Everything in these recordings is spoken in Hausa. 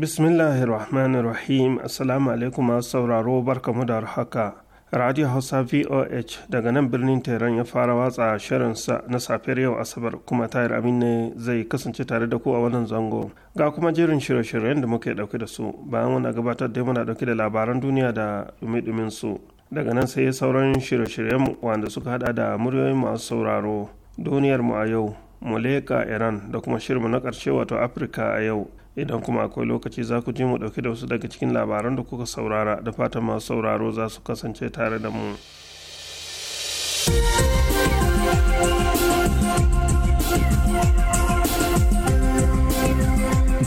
bismillahirrahmanirrahim assalamu alaikum masu sauraro barkamu da haka radio hausa voh daga nan birnin tehran ya fara watsa shirinsa na safiyar yau asabar kuma tayar amin ne zai kasance tare da ku a wannan zango ga kuma jerin shirye-shiryen da muke dauke da su bayan wani gabatar da muna dauke da labaran duniya da dumi-dumin su daga nan sai sauran shirye-shiryen wanda suka hada da muryoyin masu sauraro duniyar mu a yau muleka iran da kuma mu na karshe wato afirka a yau idan kuma akwai lokaci za ku je mu ɗauki da wasu daga cikin labaran da kuka saurara da fatan masu sauraro za su kasance tare da mu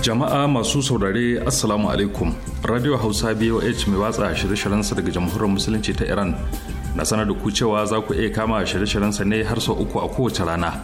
jama'a masu saurare assalamu alaikum radio hausa boh mai watsa shirye shiryen sa daga jamhuriyar musulunci ta iran na sanar da ku cewa za ku iya kama shirye shiryen sa ne har sau uku a kowace rana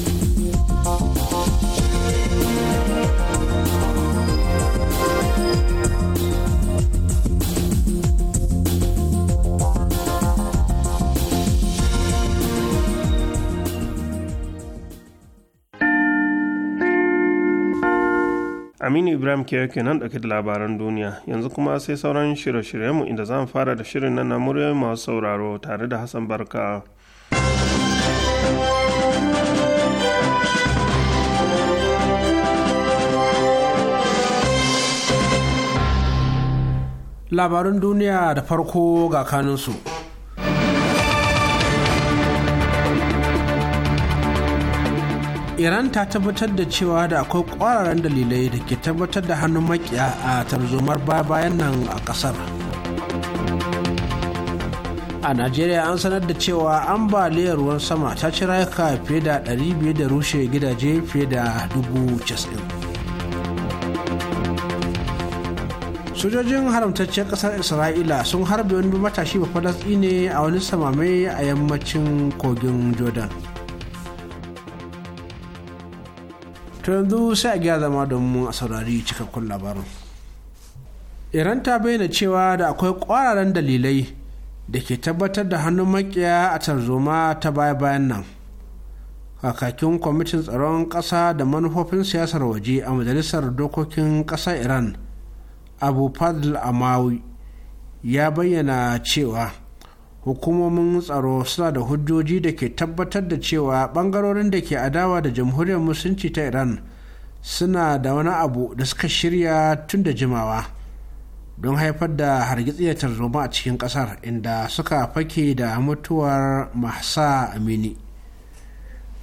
Aminu Ibrahim ke yake nan ɗauke da labaran duniya yanzu kuma sai sauran shirye-shiryenmu inda za fara da shirin nan na muryoyin masu sauraro tare da Hassan Barka. Labaran duniya da farko ga kanunsu. iran ta tabbatar da cewa da akwai kwararan dalilai da ke tabbatar da hannun makiya a tarzomar bayan nan a kasar a najeriya an sanar da cewa ambaliyar ruwan sama ta ci rayuka fiye da 500 da rushe gidaje fiye da 90 sojojin haramtaccen kasar isra'ila sun harbe wani matashi ba falasɗi ne a wani samamai a yammacin kogin jordan to yanzu sai a gya zama domin a saurari cikakkun labarin iran ta bayyana cewa da akwai ƙwararan dalilai da ke tabbatar da hannun makiya a tarzoma ta baya bayan nan kakakin kwamitin tsaron ƙasa da manufofin siyasar waje a majalisar dokokin ƙasar iran abu fadl amawi ya bayyana cewa hukumomin tsaro suna da hujjoji da ke tabbatar da cewa bangarorin da ke adawa da jamhuriyar musulunci ta iran suna da wani abu da suka shirya tun da jimawa don haifar da hargitsi ya tarzoma a cikin kasar inda suka fake da mutuwar mahsa amini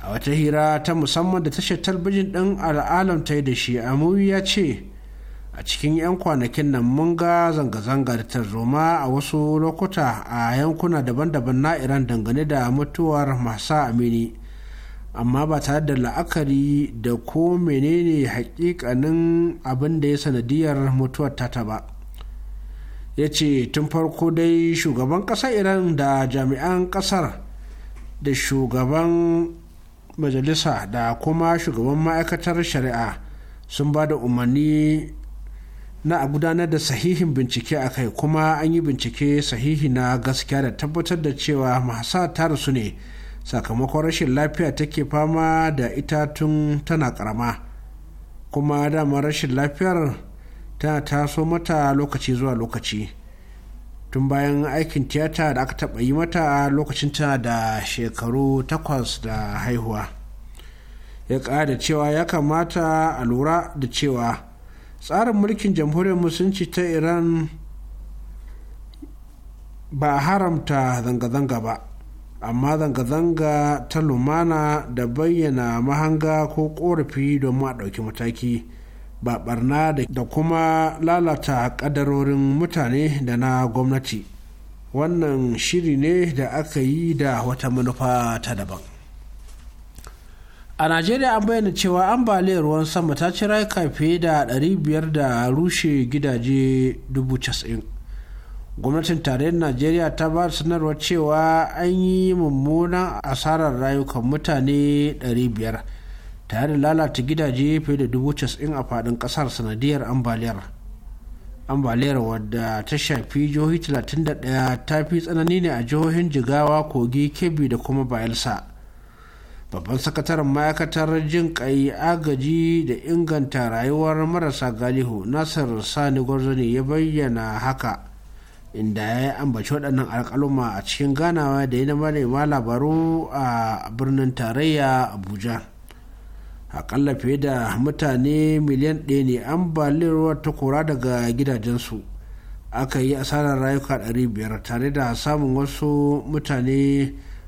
a wata hira ta musamman da tashar talbijin ɗin al'alam ta yi da shi amuri ya ce a cikin 'yan kwanakin nan mun ga zanga-zangar tarzoma a wasu lokuta a yankuna daban-daban na iran dangane da mutuwar masa amini amma ba tare da la'akari da ko menene hakikanin abin da ya sanadiyar mutuwar tata ba ya ce tun farko dai shugaban ƙasar iran da jami'an ƙasar da shugaban majalisa da kuma shugaban ma'aikatar shari'a sun ba da umarni na a gudanar da sahihin bincike a kai kuma an yi bincike sahihi na gaskiya da tabbatar da cewa mahasa ta su ne sakamakon rashin lafiya take fama da ita tun tana karama kuma dama rashin lafiyar ta taso mata lokaci zuwa lokaci tun bayan aikin tiyata da aka taɓa yi mata lokacin tana da shekaru takwas da haihuwa ya ƙada cewa ya kamata a lura da cewa tsarin mulkin jamhuriyar musulunci ta iran ba a haramta zanga-zanga ba amma zanga-zanga ta lumana da bayyana mahanga ko korafi domin a ɗauki mataki ba barna da kuma lalata ƙadarorin mutane da na gwamnati wannan shiri ne da aka yi da wata manufa ta daban a najeriya an bayyana cewa ambaliyar ruwan sama ta ci rayuka fiye da 500 da rushe gidaje 90,000 gwamnatin tarayyar najeriya ta ba sanarwar cewa an yi mummunan asarar rayukan mutane 500 tare da lalata gidaje fiye da 90,000 a faɗin ƙasar sanadiyar ambaliyar ambaliyar wadda ta shafi jihohi 31 ta fi tsanani ne a jihohin jigawa kogi kebbi da kuma bayelsa babban sakataren ma'aikatar jin kai agaji da inganta rayuwar marasa galihu nasir sani gwarzani ya bayyana haka inda ya ambaci waɗannan alƙaluma a cikin ganawa da ya na manema labaru a birnin tarayya abuja aƙalla fiye da mutane miliyan ɗaya ne ambaliyar ta kora daga gidajensu aka yi asarar rayuka 500 tare da samun wasu mutane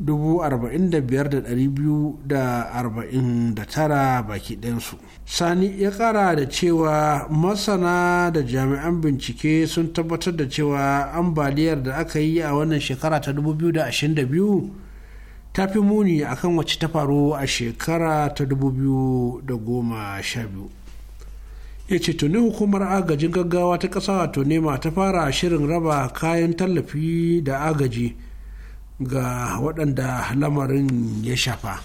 45,249 baki ɗansu. Sani ya ƙara da cewa masana da jami'an bincike sun tabbatar da cewa ambaliyar da aka yi a wannan shekara ta 2022 ta fi muni a kan wace ta faru a shekara ta 2012. ya ce tuni hukumar agajin gaggawa ta ƙasa wato nema ta fara shirin raba kayan tallafi da agaji ga waɗanda lamarin ya shafa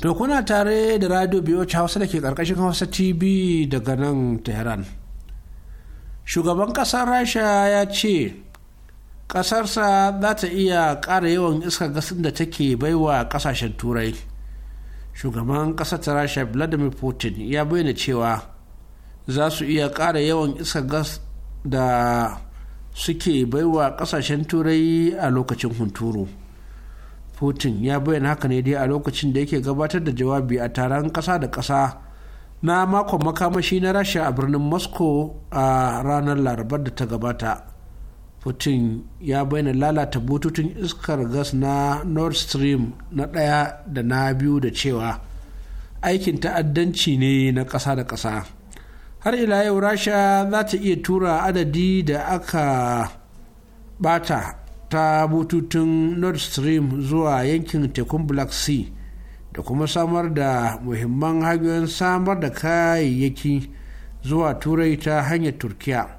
to kuna tare da radio biyoci hausa da ke ƙarƙashin hausa tv daga nan tehran shugaban ƙasar rasha ya ce ƙasarsa za ta iya ƙara yawan iskar gasin da take baiwa ƙasashen turai shugaban ƙasar ta rasha vladimir putin ya bayyana cewa za su iya ƙara yawan iskar gas da suke baiwa kasashen turai a lokacin hunturu putin ya bayyana haka ne dai a lokacin da yake gabatar da jawabi a taron kasa da kasa na makon makamashi na rasha a birnin moscow a ranar larabar da ta gabata putin ya bayyana lalata bututun iskar gas na nord stream na ɗaya da na biyu da cewa aikin ta'addanci ne na ƙasa da ƙasa har ila yau rasha za ta iya tura adadi da aka bata ta bututun nord stream zuwa yankin tekun black sea da kuma samar da muhimman hanyoyin samar da kayayyaki zuwa turai ta hanyar turkiya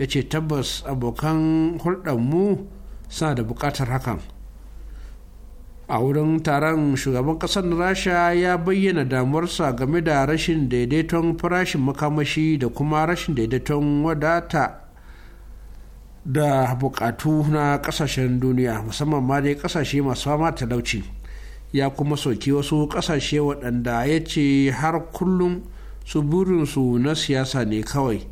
ya ce tabbas abokan hulɗarmu suna da buƙatar hakan a wurin taron shugaban kasar rasha ya bayyana damuwarsa game da rashin daidaiton farashin makamashi da kuma rashin daidaiton wadata da bukatu na kasashen duniya musamman ma dai kasashe masu fama talauci ya kuma soki wasu kasashe waɗanda ya ce har kullum su burinsu na siyasa ne kawai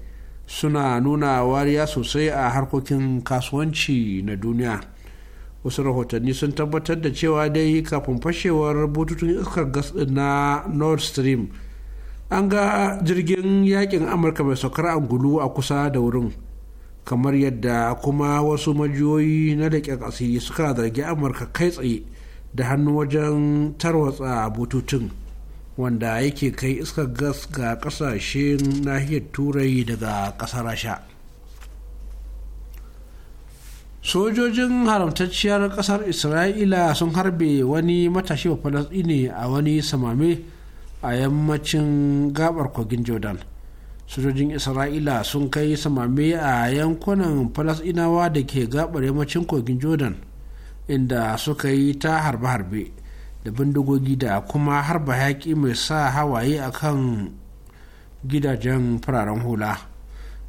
suna nuna wariya sosai a harkokin kasuwanci na duniya. wasu rahotanni sun tabbatar da cewa dai kafin fashewar bututun iskar gas na nord stream an ga jirgin yakin amurka mai saukar angulu a kusa da wurin kamar yadda kuma wasu majiyoyi na da ƙasiri suka zargi amurka kai tsaye da hannu wajen tarwatsa bututun wanda yake kai iskar gas ga ƙasashen nahiyar turai daga ƙasar rasha sojojin haramtacciyar kasar isra'ila sun harbe wani matashi wa falasɗini a wani samame a yammacin gabar kogin jordan sojojin isra'ila sun kai samame a yankunan falasɗinawa da ke gabar yammacin kogin jordan inda suka yi ta harbe-harbe da bindigogi da kuma harba yaƙi mai sa hawaye akan gidajen fararen hula.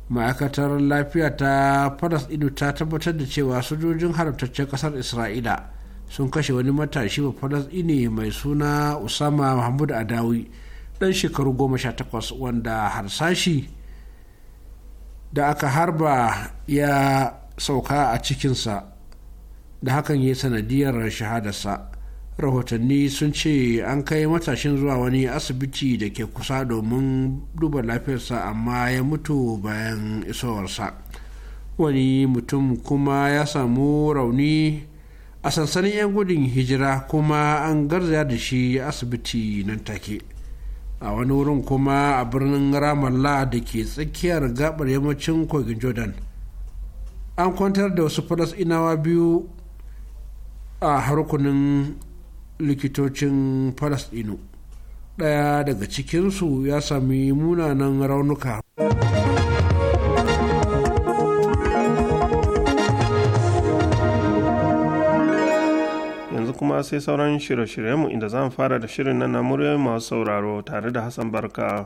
ma'aikatar lafiya ta faras falasɗinu ta tabbatar da cewa sojojin haramtaccen kasar isra'ila sun kashe wani matashi wa faras falasɗini mai suna usama mahmud adawi dan shekaru goma sha takwas wanda harsashi da aka harba ya sauka a cikinsa da hakan ya sanadiyar shahadarsa rahotanni sun ce an kai matashin zuwa wani asibiti da ke kusa domin duba lafiyarsa amma ya mutu bayan isowarsa wani mutum kuma ya samu rauni a sansanin 'yan gudun hijira kuma an garza da shi asibiti nan take a wani wurin kuma a birnin ramallah da ke tsakiyar gabar yammacin kogin jordan an kwantar da wasu inawa biyu a harkunan likitocin falasɗinu ɗaya daga cikinsu ya sami munanan raunuka yanzu kuma sai sauran shirye-shiryenmu inda za mu fara da shirin na na masu sauraro tare da hassan barka.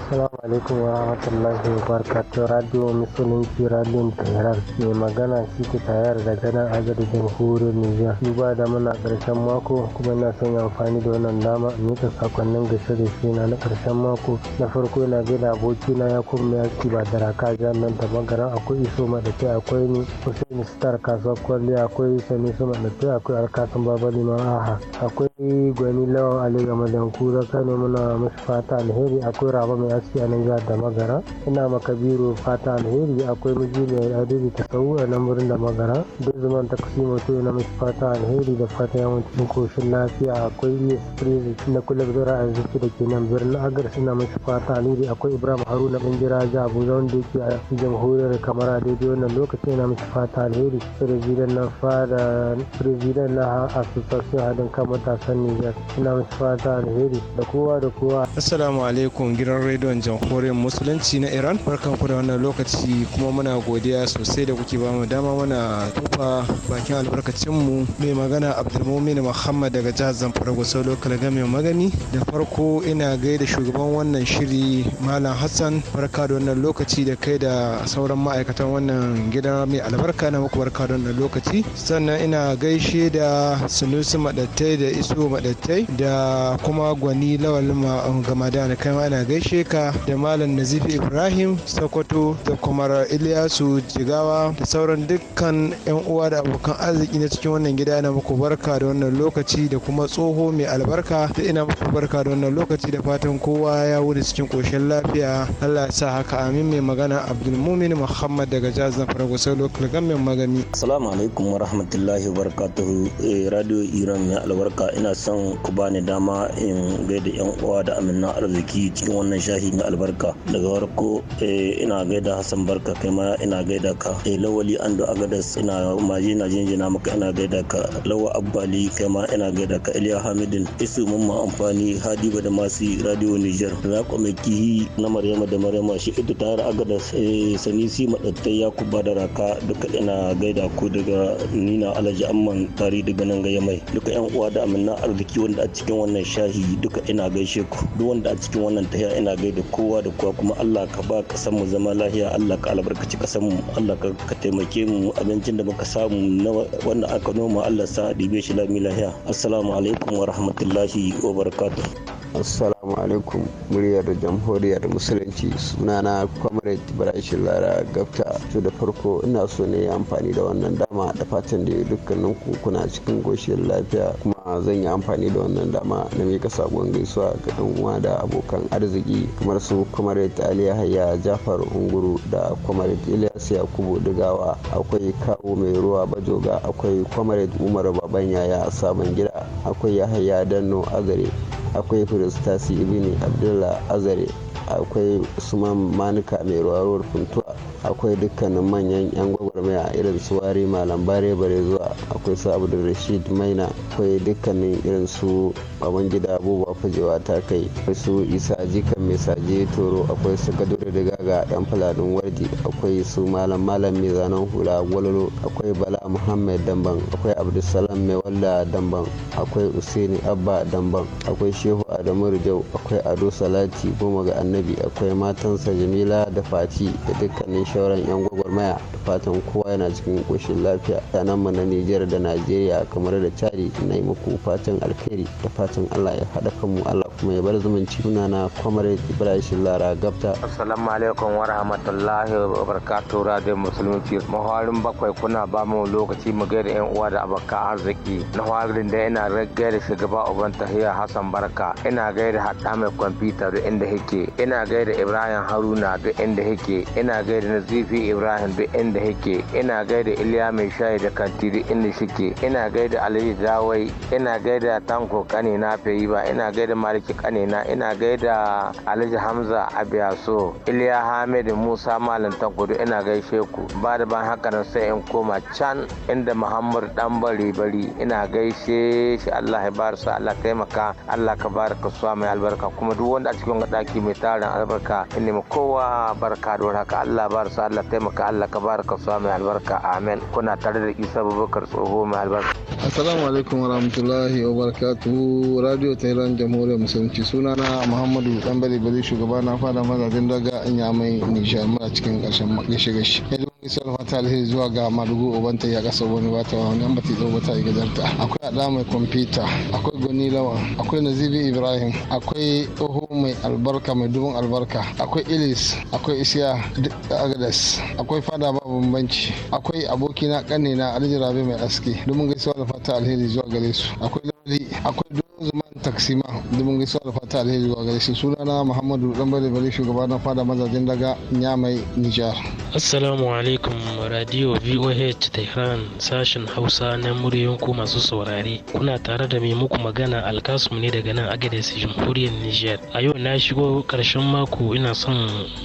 Assalamu alaikum wa rahmatullahi wa barakatuh Radio Musulunci Radio Tehran mai magana shi tayar da ganin agadi jamhuriyar Nijar. Duba da muna karshen mako kuma ina son amfani da wannan dama in mika sakonnin gashe da shi na karshen mako. Na farko ina gaida aboki na Yakubu mai yaki ba da raka jihar nan ta bangaren akwai iso madafi akwai ni Hussein Star kasuwar kwalli akwai Sani da madafi akwai Alkasan Baba ma Aha akwai Gwani Lawan Ali Gamadan Kura Kano muna masu fata alheri akwai Raba mai Asiya na jihar da Magara. Ina makabiru fata alheri akwai miji mai adadi ta sau a nan birnin da Magara. Dozman ta kusi mutu na mashi fata alheri da fata yawan cikin koshin lafiya akwai Yes Prezi na kula da zara a da ke nan birnin Agar suna mashi fata alheri akwai Ibrahim Haruna Bangira jihar Abuja wanda yake a jamhuriyar Kamara daidai wannan lokaci na mashi fata alheri. Prezidan na fada Prezidan na Asosasiyon haɗin Kan Matasan Nijar suna mashi fata alheri da kowa da kowa. Assalamu alaikum gidan rediyo rediyon jamhuriyar musulunci na iran barkan ku wannan lokaci kuma muna godiya sosai da kuke bamu dama muna tufa bakin albarkacin mu mai magana abdulmumin muhammad daga jihar zamfara gusa lokal game magani da farko ina gaida shugaban wannan shiri malam hassan barka da wannan lokaci da kai da sauran ma'aikatan wannan gidan mai albarka na muku barka da wannan lokaci sannan ina gaishe da sunusu madattai da iso madattai da kuma gwani lawalin gama da kai ma ina gaishe ka da Malam Nazif Ibrahim Sokoto da kuma Ilyasu Jigawa da sauran dukkan 'yan uwa da abokan arziki na cikin wannan gida ina muku barka da wannan lokaci da kuma tsoho mai albarka da ina muku barka da wannan lokaci da fatan kowa ya wuce cikin koshin lafiya Allah ya sa haka amin mai magana Abdulmumin Muhammad daga jihar zamfara Farago lokal gamin magani. Assalamu alaikum wa rahmatullahi wa barakatuhu eh, Radio Iran mai albarka ina son ku bani dama in gaida 'yan uwa da amina arziki cikin wannan shafi na albarka daga farko eh, ina gaida hassan barka kai ma ina gaida ka eh, lawali da agadas ina maji na jinjina maka ina gaida ka lawa abbali kai ma ina gaida ka iliya hamidin isu mamma amfani hadiba da masu radio niger rako mai kihi na maryama da maryama shi ita tare agadas eh, sanisi madattai ya ku da raka duka ina gaida ku daga nina alhaji amman tari daga nan gaya mai duka yan uwa da amina arziki wanda a cikin wannan shahi duka ina gaishe ku duk wanda a cikin wannan tahiya ina gaishe da kowa da kowa kuma Allah ka ba kasan mu zama lafiya Allah ka albarkaci kasan mu Allah ka taimake mu abincin da muka samu na wanda aka noma Allah sa dibe shi lami lafiya assalamu alaikum wa rahmatullahi wa barakatuh Assalamu alaikum muryar jamhuriyar musulunci sunana Comrade Ibrahim Lara Gafta. To da farko ina so ne amfani da wannan dama da fatan da dukkanin ku kuna cikin goshin lafiya kuma zan yi amfani da wannan dama na mika sakon gaisuwa ga ɗan uwa da abokan arziki kamar su Comrade Ali Yahaya Jafar Unguru da Comrade Ilyas Yakubu Dugawa akwai Kawo Mai Ruwa Bajoga akwai Comrade Umar Baban Yaya Sabon Gida akwai Yahaya Danno Azare akwai firistasi ibn abdullah azare akwai usman manuka mai ruwa funtuwa akwai dukkanin manyan yan gwagwarmaya irin su wari malam bare bare zuwa akwai su abu da rashid maina akwai dukkanin irin su baban gida abubuwa fajewa ta kai akwai su isa jikan mai saje toro akwai su gado da ga dan fuladin wardi akwai su malam malam mai zanen hula gwalolo akwai bala muhammad damban akwai abdulsalam mai walla damban akwai usaini abba damban akwai shehu adamu rijau akwai ado salati goma ga annabi annabi akwai matansa jamila da fati da dukkanin shauran yan gwagwarmaya da fatan kowa yana cikin koshin lafiya yanan mu na nijar da najeriya kamar da cari na yi muku fatan alkhairi da fatan allah ya haɗa kanmu allah kuma ya bar zumunci suna na kwamare ibrahim lara gabta assalamu alaikum wa rahmatullahi wa barakatu radio musulunci mahawarin bakwai kuna ba mu lokaci mu gaida yan uwa da abokan arziki na hawarin da ina gaida shugaba uban tahiya hassan barka ina gaida haɗa mai kwamfuta da inda yake ina gaida ibrahim haruna duk inda yake ina gaida nazifi ibrahim duk inda yake ina gaida iliya mai shayi da kanti duk inda shike ina gaida aliyu dawai ina gaida tanko kane na fayi ba ina gaida maliki kane na ina gaida alhaji hamza abiyaso iliya hamid musa malam tanko duk ina gaishe ku ba da ban haka nan sai in koma can inda muhammad dan bari bari ina gaishe shi allah ya sa allah taimaka allah ka baraka su mai albarka kuma duk wanda a cikin daki mai tara tarin albarka in nemi kowa barka don haka Allah bar su Allah taimaka Allah ka bar ka suwa mai albarka amen kuna tare da Isa Babakar tsoho mai albarka Assalamu alaikum wa wabarakatuh Radio Tehran Jamhuriyar Musulunci sunana Muhammadu Dambare Bari shugaba na fada mazajin daga an ya mai nishar cikin ƙarshen gashi gashi Isar fata alheri zuwa ga Madugu Obanta ya kasa wani wata wani an bata zo ta yi gidanta. Akwai Ada mai kwamfuta, akwai Goni Lawan, akwai Nazibi Ibrahim, akwai Oho mai albarka mai dubin albarka, akwai Ilis, akwai Isiya Agadas, akwai Fada ba bambanci, akwai abokina kanina Alhaji Rabi mai aski. Domin gaisuwa da fata alheri zuwa gare su. Akwai Lawali, akwai zuman Taksima dubin gaisuwa da fata alheri wa gare shi sunana Muhammadu Dambare Bale shugaba na fada mazajen daga Nyamai Nijar. Assalamu alaikum Radio VOH Tehran sashen Hausa na muryoyin ku masu saurare kuna tare da mai muku magana Alkasum ne daga nan Agadez Jamhuriyar Nijar. A yau na shigo karshen mako ina son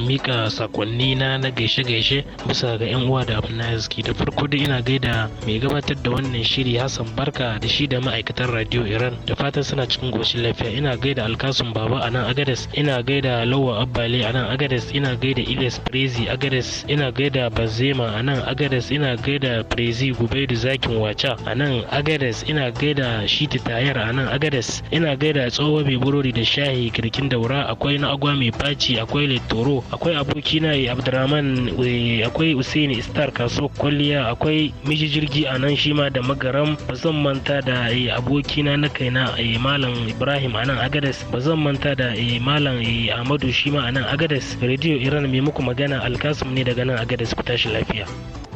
mika sakonni na na gaishe-gaishe bisa ga yan uwa da na arziki da farko da ina gaida mai gabatar da wannan shiri Hassan Barka da shi da ma'aikatar Radio Iran da fatan suna cikin goshin lafiya ina gaida alkasun baba a nan agades ina gaida lawa abbali a nan agades ina gaida iles prezi agades ina gaida bazema a nan agades ina gaida prezi gubaidu zakin wacha a nan agades ina gaida shiti tayar a nan agades ina gaida tsoho mai burori da shahi kirkin daura akwai na agwa mai faci akwai letoro akwai aboki na abdurrahman eh, akwai usaini star kaso kwalliya akwai miji jirgi a nan shima da magaram ba zan manta da eh, abokina na kaina eh, Eh, malam ibrahim a nan agadas ba zan manta da eh, malam eh, amadu shima a nan agadas rediyo iran mai muku magana alkasum ne daga nan agadas ku tashi lafiya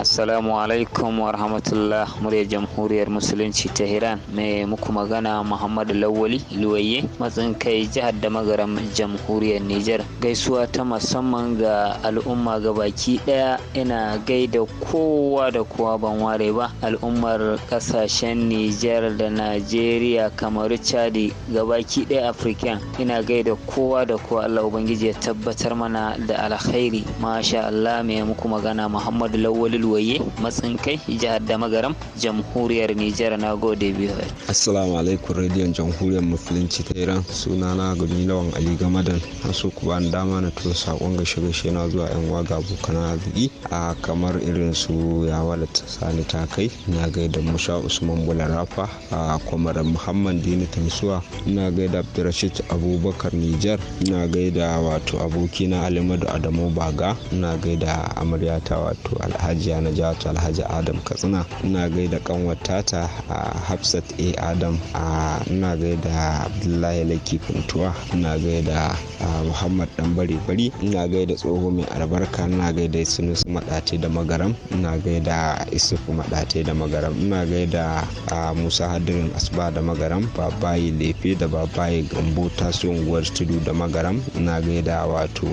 assalamu alaikum wa rahmatullah murya jamhuriyar musulunci ta iran mai muku magana muhammadu lawali luwaye matsin kai jihar da magaram jamhuriyar niger gaisuwa ta musamman ga al'umma baki daya ina gaida kowa da kowa ban ware ba al'ummar kasashen niger da najeriya kamar chadi gabaki daya afirka ina gaida kowa da kowa allah ubangiji ya tabbatar mana da alkhairi masha allah mai muku magana muhammadu lawali Luwaye Matsinkai jihar Damagaram jamhuriyar Nijar na gode biyu. Assalamu alaikum radiyon jamhuriyar musulunci ta Iran sunana Gumi Lawan Ali Gamadan na so ku bani dama na tura sakon ga shirye na zuwa yan waga abokan arziki a kamar irin su Yawalat Sani Takai na gaida Musa Usman Bularafa a kwamarar Muhammad Dini Tansuwa na gaida Abdurrashid Abubakar Nijar na gaida wato abokina Alimadu Adamu Baga ina gaida amaryata wato Alhaji na najatu alhaji adam katsina ina gaida kanwar tata a hafsat a adam a ina gaida abdullahi laki funtuwa ina gaida muhammad dan bari bari ina gaida tsoho mai albarka ina gaida sunusu madate da magaram ina gaida isufu madate da magaram ina gaida musa hadirin asba da magaram babayi lefe da babayi gambo taso unguwar tudu da magaram ina gaida wato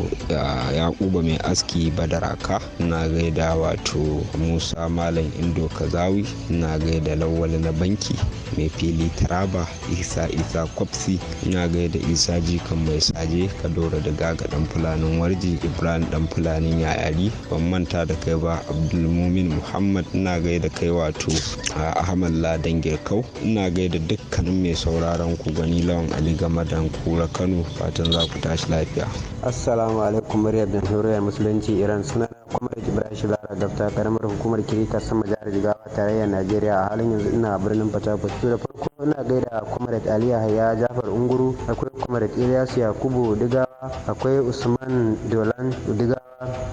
yakuba mai aski badaraka ina gaida wato musa malam indo kazawi ina gaida lawal na banki mai fili taraba isa isa kwafsi ina gaida isa jikan mai saje kadora da gaga dan fulanin warji ibrahim dan fulanin yayari ban manta da kai ba abdulmumin muhammad ina gaida kai wato ahmad ladan girkau ina gaida dukkanin mai sauraron ku gani lawan ali game da kura kano fatan za ku tashi lafiya assalamu alaikum muryar jamhuriyar musulunci iran suna kuma da shi lara daftar karamar hukumar kirita sama jihar jigawa tarayyar najeriya a halin yanzu ina birnin fatakwal su da farko ina gaida comrade ali yahaya jafar unguru akwai comrade ilyas yakubu digawa akwai usman dolan digawa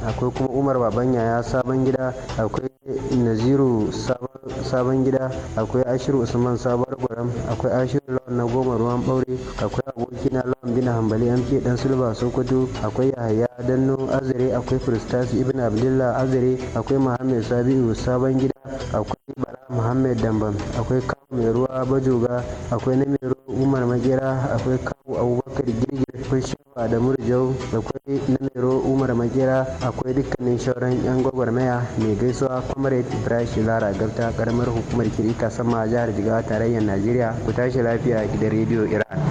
akwai kuma umar babanya ya sabon gida akwai naziru sabon gida akwai ashiru usman sabon gwaram akwai ashiru lawan na goma ruwan ɓaure akwai abokina lawan bin hambali mp dan silva sokoto akwai yahaya danno azare akwai firistasi ibn abdullah azare akwai Muhammad sabiu sabon gida akwai Bala muhammed dambam akwai kawu mai ruwa bajoga akwai na mai umar makera akwai kawu abubakar girgir akwai da da Murjau akwai na mai umar makera akwai dukkanin shauran yan gwagwarmaya mai gaisuwa comrade ibrahim lara gabta karamar hukumar kirika sama a jihar jigawa tarayyar najeriya ku tashi lafiya a gidan rediyo iran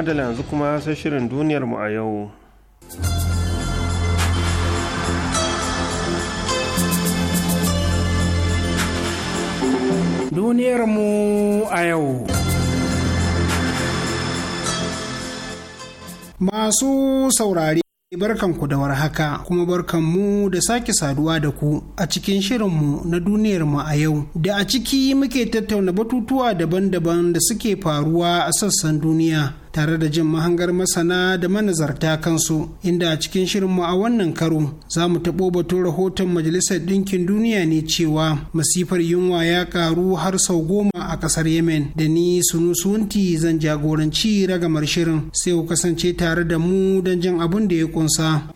madala yanzu kuma sai shirin duniyar mu a yau duniyar mu a yau masu saurari Barkanku da warhaka kuma barkanmu da sake saduwa da ku a cikin shirin mu na duniyarmu a yau da a ciki muke tattauna batutuwa daban-daban da suke faruwa a sassan duniya tare da jin mahangar masana da manazarta kansu inda a cikin shirin mu a wannan karo za mu taɓo batun rahoton majalisar ɗinkin duniya ne cewa masifar yunwa ya ƙaru har sau goma a ƙasar yemen da ni sunu sunti zan jagoranci ragamar shirin sai ku kasance tare da mu don jin abin da ya ƙunsa.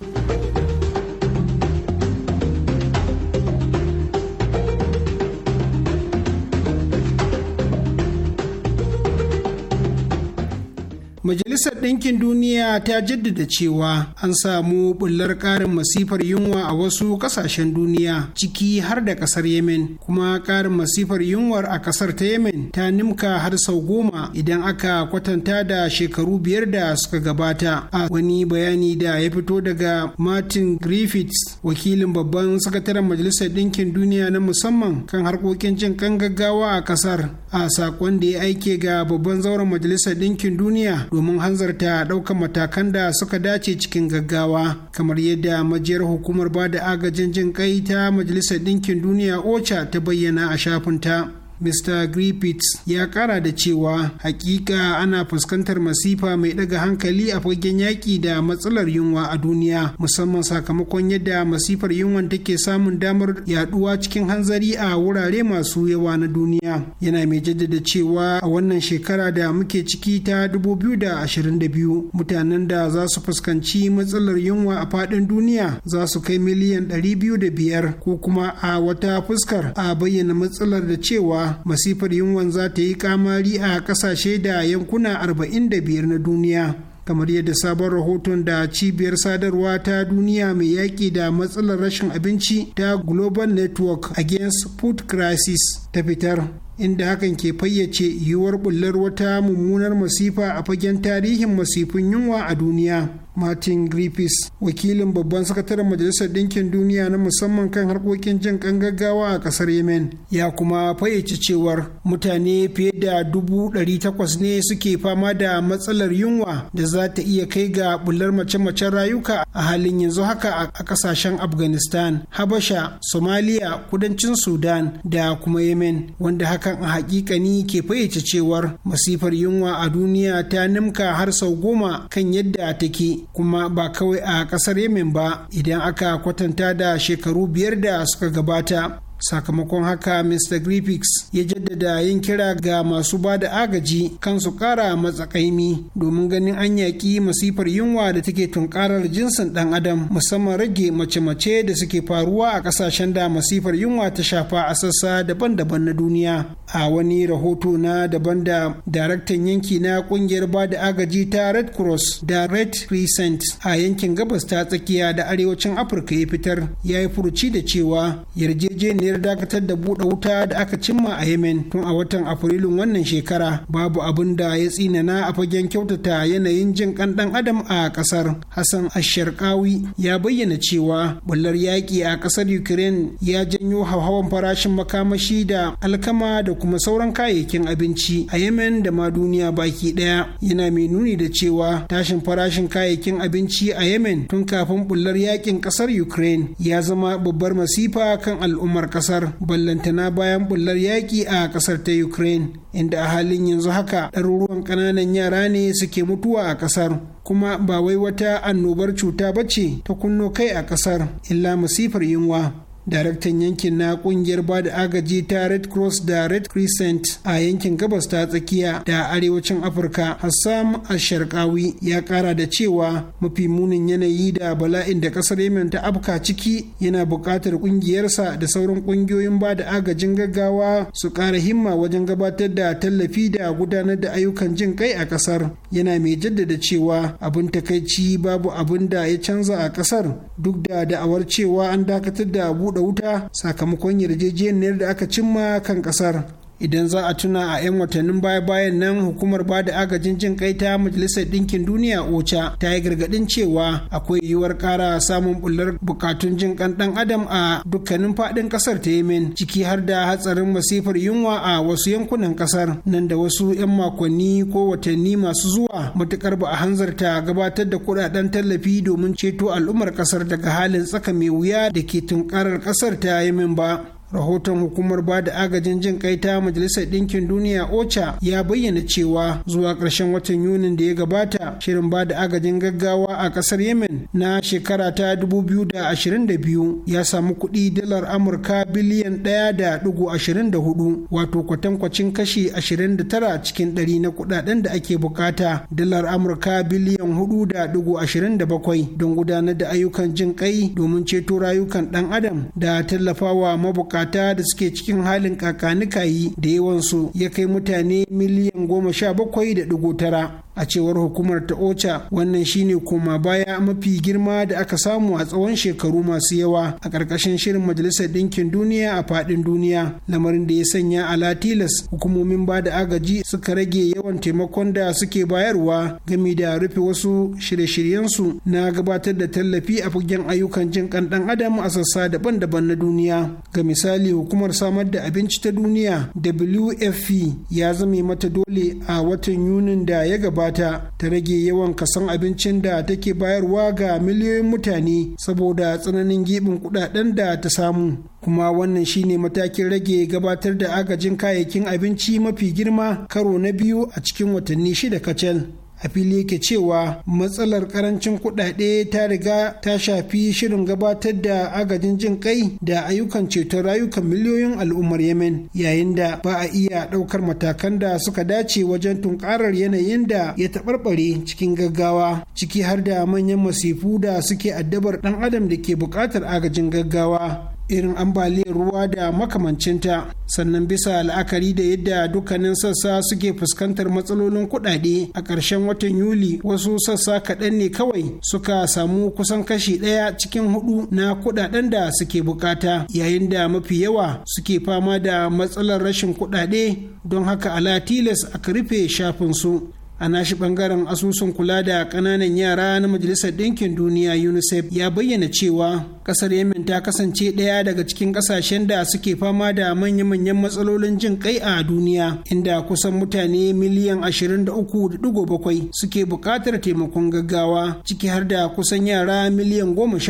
Majalisar Ɗinkin Duniya ta jaddada cewa an samu bullar ƙarin masifar yunwa a wasu ƙasashen duniya ciki har da ƙasar Yemen kuma ƙarin masifar yunwar a ƙasar ta Yemen ta nimka har sau goma idan aka kwatanta da shekaru biyar da suka gabata a wani bayani da ya fito daga Martin Griffiths wakilin babban sakataren Majalisar Ɗinkin Duniya na musamman kan harkokin jin kan gaggawa a ƙasar a saƙon da ya aike ga babban zauren Majalisar Ɗinkin Duniya domin hanzarta ɗaukan matakan da suka dace cikin gaggawa kamar yadda majiyar hukumar ba da agajin jin kai ta majalisar ɗinkin duniya ocha ta bayyana a shafinta Mr. Griffiths ya kara da cewa hakika ana fuskantar masifa mai daga hankali a fagen yaƙi da matsalar yunwa a duniya musamman sakamakon yadda masifar yunwan take samun damar yaduwa cikin hanzari a wurare masu yawa na duniya. Yana mai jaddada cewa a wannan shekara da muke ciki ta 2022 mutanen da za su fuskanci matsalar yunwa a faɗin duniya za su kai miliyan 205 ko kuma a wata fuskar a bayyana matsalar da cewa masifar yunwan za ta yi kamari a kasashe da yankuna 45 na duniya kamar yadda sabon rahoton da cibiyar sadarwa ta duniya mai yaƙi da matsalar rashin abinci ta global network against food crisis ta fitar inda hakan ke fayyace yiwuwar bullar wata mummunar masifa a fagen tarihin masifin yunwa a duniya martin griffiths wakilin babban sakataren majalisar ɗinkin duniya na musamman kan harkokin jin kan gaggawa a ƙasar yemen ya kuma fayyace cewar mutane fiye da dubu ɗari takwas ne suke fama da matsalar yunwa da za ta iya kai ga bullar mace-macen rayuka a halin yanzu haka a ƙasashen afghanistan habasha somalia kudancin sudan da kuma yemen wanda haka kan a hakikani ke fayyace cewar masifar yunwa a duniya ta nimka har sau goma kan yadda take kuma ba kawai a kasar yemen ba idan aka kwatanta da shekaru biyar da suka gabata sakamakon haka mr griffiths ya jaddada yin kira ga masu ba da agaji kan su kara matsakaimi domin ganin an yaƙi masifar yunwa da take tunkarar jinsin ɗan adam musamman rage mace-mace da suke faruwa a ƙasashen da masifar yunwa ta shafa a sassa daban-daban na duniya a wani rahoto na daban da daraktan yanki na kungiyar ba da agaji ta red cross da red crescent a yankin gabas ta tsakiya da arewacin afirka ya fitar ya yi furuci da cewa yarjejeniyar dakatar da buɗe wuta da aka cimma a yemen tun a watan afrilun wannan shekara babu abin da ya tsinana a fagen kyautata yanayin jin kan dan adam a kasar hassan asharkawi ya bayyana cewa bullar yaƙi a kasar ukraine ya janyo hauhawan farashin makamashi da alkama da kuma sauran kayayyakin abinci a yemen da ma duniya baki daya yana mai nuni da cewa tashin farashin kayayyakin abinci a yemen tun kafin bullar yakin kasar ukraine ya zama babbar masifa kan al'ummar kasar ballantana bayan bullar yaki a kasar ta ukraine inda a halin yanzu haka ɗaruruwan ƙananan yara ne suke mutuwa a ƙasar kuma ba wai wata annobar cuta bace ta kunno kai a ƙasar illa masifar yunwa daraktan yankin na kungiyar bada agaji ta red cross da red crescent a yankin gabas ta tsakiya da arewacin afirka hassam asharkawi ya kara da cewa mafi munin yanayi da bala'in da kasar yemen ta afka ciki yana buƙatar kungiyarsa da sauran kungiyoyin bada agajin gaggawa su ƙara himma wajen gabatar da tallafi da gudanar da ayyukan jin kai a kasar yana mai jaddada cewa abin takaici babu abin da ya canza a kasar duk da da'awar cewa an dakatar da da wuta sakamakon yarjejeniyar da aka cimma kan ƙasar idan za a tuna a 'yan watannin baya-bayan nan hukumar ba da agajin jin kai ta majalisar ɗinkin duniya Oca ta yi gargaɗin cewa akwai yiwuwar ƙara samun bullar bukatun jin kan ɗan adam a dukkanin faɗin ƙasar ta yemen ciki har da hatsarin masifar yunwa a wasu yankunan ƙasar nan da wasu 'yan makonni ko watanni masu zuwa matukar ba a hanzarta gabatar da kuɗaɗen tallafi domin ceto al'ummar ƙasar daga halin tsaka mai wuya da ke tunkarar ƙasar ta yemen ba rahoton hukumar ba da agajin jin kai ta majalisar ɗinkin duniya ocha ya bayyana cewa zuwa ƙarshen watan yunin da ya gabata shirin ba da agajin gaggawa a ƙasar yemen na shekara ta 2022 ya samu kuɗi dalar amurka biliyan 1.24 wato kwatankwacin kashi 29 cikin 100 na kuɗaɗen da ake bukata dalar amurka biliyan 4.27 don gudanar da ayyukan jin kai domin ceto rayukan ɗan adam da tallafawa mabukata da suke cikin halin kakanikayi da yawansu ya kai mutane miliyan goma 17.9 a cewar hukumar ta ocha wannan shine koma baya mafi girma da aka samu a tsawon shekaru masu yawa a ƙarƙashin shirin majalisar ɗinkin duniya a faɗin duniya lamarin da ya sanya ala tilas hukumomin ba da agaji suka rage yawan taimakon da suke bayarwa game da rufe wasu shirye-shiryensu na gabatar da tallafi a fagen ayyukan jin kan ɗan adam a sassa daban-daban na duniya ga misali hukumar samar da abinci ta duniya wfp ya zame mata dole a watan yunin da ya gabata gabata ta rage yawan kasan abincin da take bayarwa ga miliyoyin mutane saboda tsananin gibin kudaden da ta samu kuma wannan shine matakin rage gabatar da agajin kayayyakin abinci mafi girma karo na biyu a cikin watanni shida kacal a fili yake cewa matsalar karancin kuɗaɗe ta riga ta shafi shirin gabatar da agajin jin kai da ayyukan ceton rayukan miliyoyin al'ummar yemen yayin da ba a iya ɗaukar matakan da suka dace wajen tunkarar yanayin da ya taɓarɓare cikin gaggawa ciki har da manyan masifu da suke addabar ɗan adam da ke buƙatar agajin gaggawa irin ambaliyar ruwa da makamancinta sannan bisa la'akari da yadda dukkanin sassa suke fuskantar matsalolin kudade a ƙarshen watan yuli wasu sassa kaɗan ne kawai suka samu kusan kashi ɗaya cikin hudu na kudaden da suke bukata yayin da mafi yawa suke fama da matsalar rashin kudade don haka ala tilas aka rufe shafinsu a nashi bangaren asusun kula da kananan yara na majalisar ɗinkin duniya unicef ya bayyana cewa kasar yemen ta kasance ɗaya daga cikin ƙasashen da suke fama da manya-manyan matsalolin jin kai a duniya inda kusan mutane miliyan 23.7 suke buƙatar taimakon gaggawa ciki har da kusan yara miliyan 13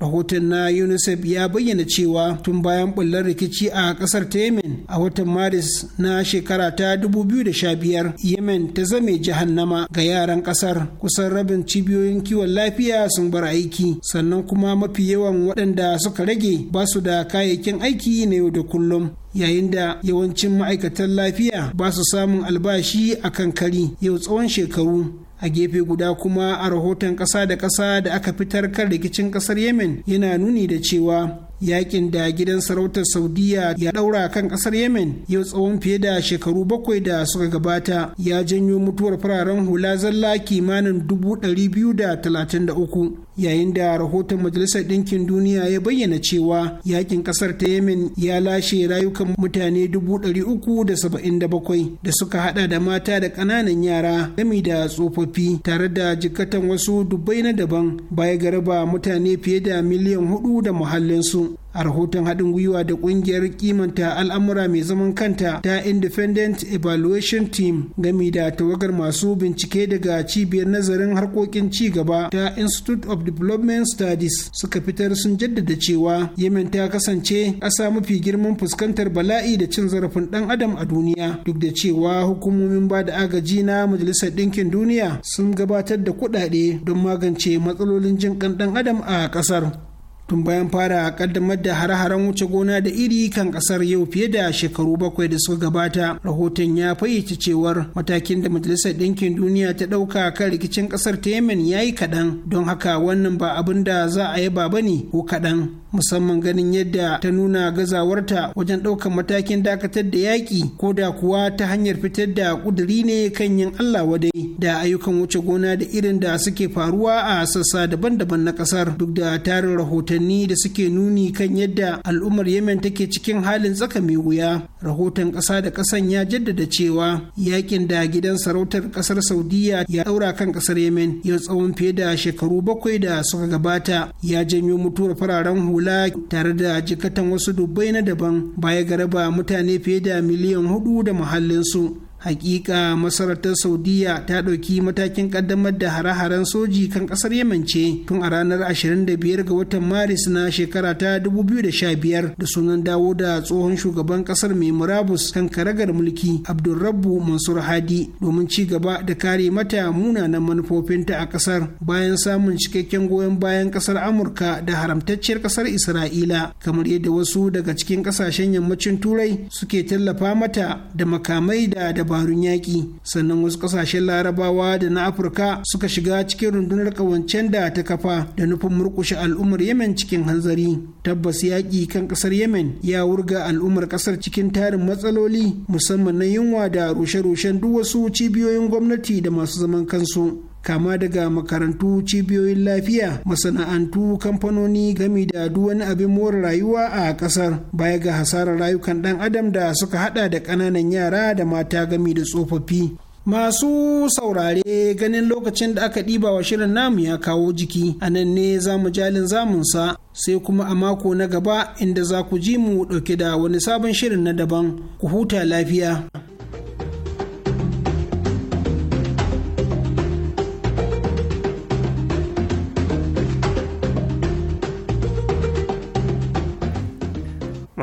rahoton na unicef ya bayyana cewa tun bayan bullar rikici a ƙasar ta yemen a watan maris na shekara ta 2015 yemen ta zame jahannama ga yaran ƙasar kusan rabin cibiyoyin kiwon lafiya sun bar aiki sannan kuma mafi yawan waɗanda suka rage ba su da kayayyakin aiki na yau da kullum yayin da yawancin ma'aikatan lafiya ba su samun albashi a kan kari yau tsawon shekaru a gefe guda kuma a rahoton ƙasa da ƙasa da aka fitar kan rikicin ƙasar yemen yana nuni da cewa yakin da gidan sarautar saudiya ya daura kan kasar yemen yau tsawon fiye da shekaru bakwai da suka gabata ya janyo mutuwar fararen hula zalla kimanin dubu ɗari biyu da talatin da uku yayin da rahoton majalisar ɗinkin duniya ya bayyana cewa yakin kasar ta yemen ya lashe rayukan mutane dubu ɗari uku da saba'in da bakwai da suka hada da mata da ƙananan yara gami da tsofaffi tare da jikatan wasu dubbai na daban baya garaba mutane fiye da miliyan hudu da muhallinsu a rahoton haɗin gwiwa da ƙungiyar kimanta al'amura mai zaman kanta ta independent evaluation team gami da tawagar masu bincike daga cibiyar nazarin harkokin ci gaba ta institute of development studies suka fitar sun jaddada cewa yemen ta kasance ƙasa mafi girman fuskantar bala'i da cin zarafin ɗan adam a duniya duk da cewa hukumomin ba da agaji na majalisar ɗinkin duniya sun gabatar da kuɗaɗe don magance matsalolin jin ƙan ɗan adam a ƙasar tun bayan fara kaddamar da har haren wuce gona da iri kan kasar yau fiye da shekaru bakwai da suka gabata rahoton ya fayyace cewar matakin da majalisar ɗinkin duniya ta ɗauka kan rikicin kasar ta yemen ya yi kaɗan don haka wannan ba abin da za a yaba ba ne ko kaɗan musamman ganin yadda ta nuna gazawarta wajen ɗaukar matakin dakatar da yaƙi ko da kuwa ta hanyar fitar da ƙuduri ne kan yin allah wadai da ayyukan wuce gona da irin da suke faruwa a sassa daban-daban na ƙasar duk da tarin rahoton watanni da suke nuni kan yadda al'ummar yemen take cikin halin tsaka mai wuya rahoton ƙasa da ƙasan ya jaddada cewa yakin da gidan sarautar ƙasar saudiya ya ɗaura kan ƙasar yemen yau tsawon fiye da shekaru bakwai da suka gabata ya janyo mutuwar fararen hula tare da jikatan wasu dubbai na daban baya garaba mutane fiye da miliyan hudu da muhallinsu hakika masarautar saudiya ta ɗauki matakin ƙaddamar da hare-haren soji kan ƙasar yemen ce tun a ranar 25 ga watan maris na shekara ta 2015 da sunan dawo da tsohon shugaban ƙasar mai murabus kan karagar mulki abdulrabbu mansur hadi domin ci gaba da kare mata munanan manufofinta a ƙasar bayan samun cikakken goyon bayan ƙasar amurka da haramtacciyar ƙasar isra'ila kamar yadda wasu daga cikin ƙasashen yammacin turai suke tallafa mata da makamai da dabaru dabarun yaƙi sannan wasu ƙasashen larabawa da na afirka suka shiga cikin rundunar ƙawancen da ta kafa da nufin murƙushe al'ummar yemen cikin hanzari tabbas yaƙi kan ƙasar yemen ya wurga al'ummar ƙasar cikin tarin matsaloli musamman na yunwa da rushe-rushen duk wasu cibiyoyin gwamnati da masu zaman kansu kama daga makarantu cibiyoyin lafiya masana'antu kamfanoni gami da duk wani abin more rayuwa a kasar baya ga hasarar rayukan dan adam da suka hada da kananan yara da mata gami da tsofaffi Masu saurare ganin lokacin da aka ɗiba wa shirin namu ya kawo jiki, a nan ne za mu jalin zamunsa sai kuma a mako na gaba inda za ku ji mu ɗauke da wani sabon shirin na daban, ku huta lafiya.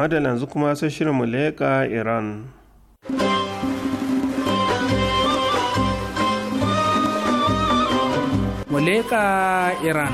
madalla yanzu kuma sai shirin mu leƙa iran Muleka Iran.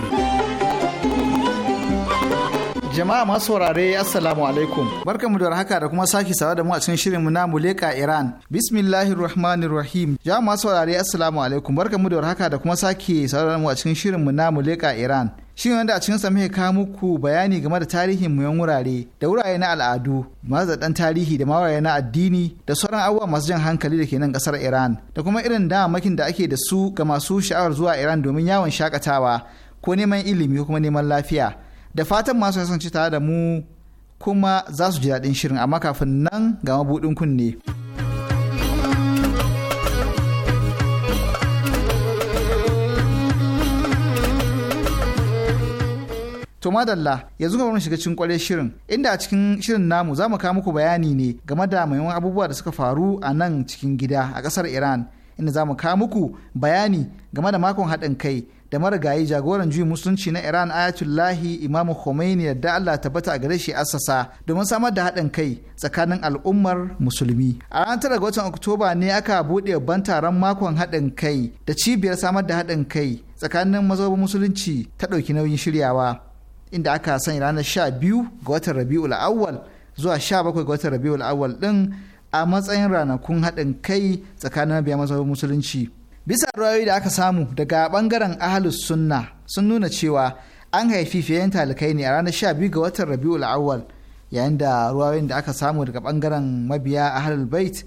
Jama'a masu wurare Assalamu alaikum. Barkanmu da haka da kuma sake sawa da mu a cikin shirin mu na Muleka Iran. Bismillahirrahmanirrahim. Jama'a masu wurare Assalamu alaikum. Barkanmu da haka da kuma sake sawa da mu a cikin shirin mu na Muleka Iran. Shin wanda a cikinsa muke kawo muku bayani game da tarihin muyan wurare da wurare na al'adu masu zaɗan tarihi da mawaye na addini da sauran abubuwa masu jan hankali da ke nan kasar Iran da kuma irin damamakin da ake da su ga masu sha'awar zuwa Iran domin yawon shakatawa ko neman ilimi ko kuma neman lafiya. Da fatan masu kasance tare da mu kuma za su ji daɗin shirin amma kafin nan ga mabuɗin kunne. To madalla yanzu ga wani shiga cikin kware shirin inda a cikin shirin namu za mu kawo muku bayani ne game da muhimman abubuwa da suka faru a nan cikin gida a kasar Iran inda za mu kawo muku bayani game da makon haɗin kai da marigayi jagoran juyin musulunci na Iran Ayatullahi Imam Khomeini da Allah tabbata a gare shi assasa domin samar da haɗin kai tsakanin al'ummar musulmi. A ranar tara ga watan Oktoba ne aka buɗe babban taron makon haɗin kai da cibiyar samar da haɗin kai tsakanin mazobin musulunci ta ɗauki nauyin shiryawa. inda aka sanya ranar 12 ga watan rabi'ul awwal zuwa 17 ga watan rabi'ul awwal din a matsayin ranakun haɗin kai tsakanin mabiya mazhabin musulunci bisa ra'ayoyi da aka samu daga bangaren ahlus sunna sun nuna cewa an haifi fiyen talikai ne a ranar 12 ga watan rabi'ul awwal yayin da ruwayoyin da aka samu daga bangaren mabiya ahlul bait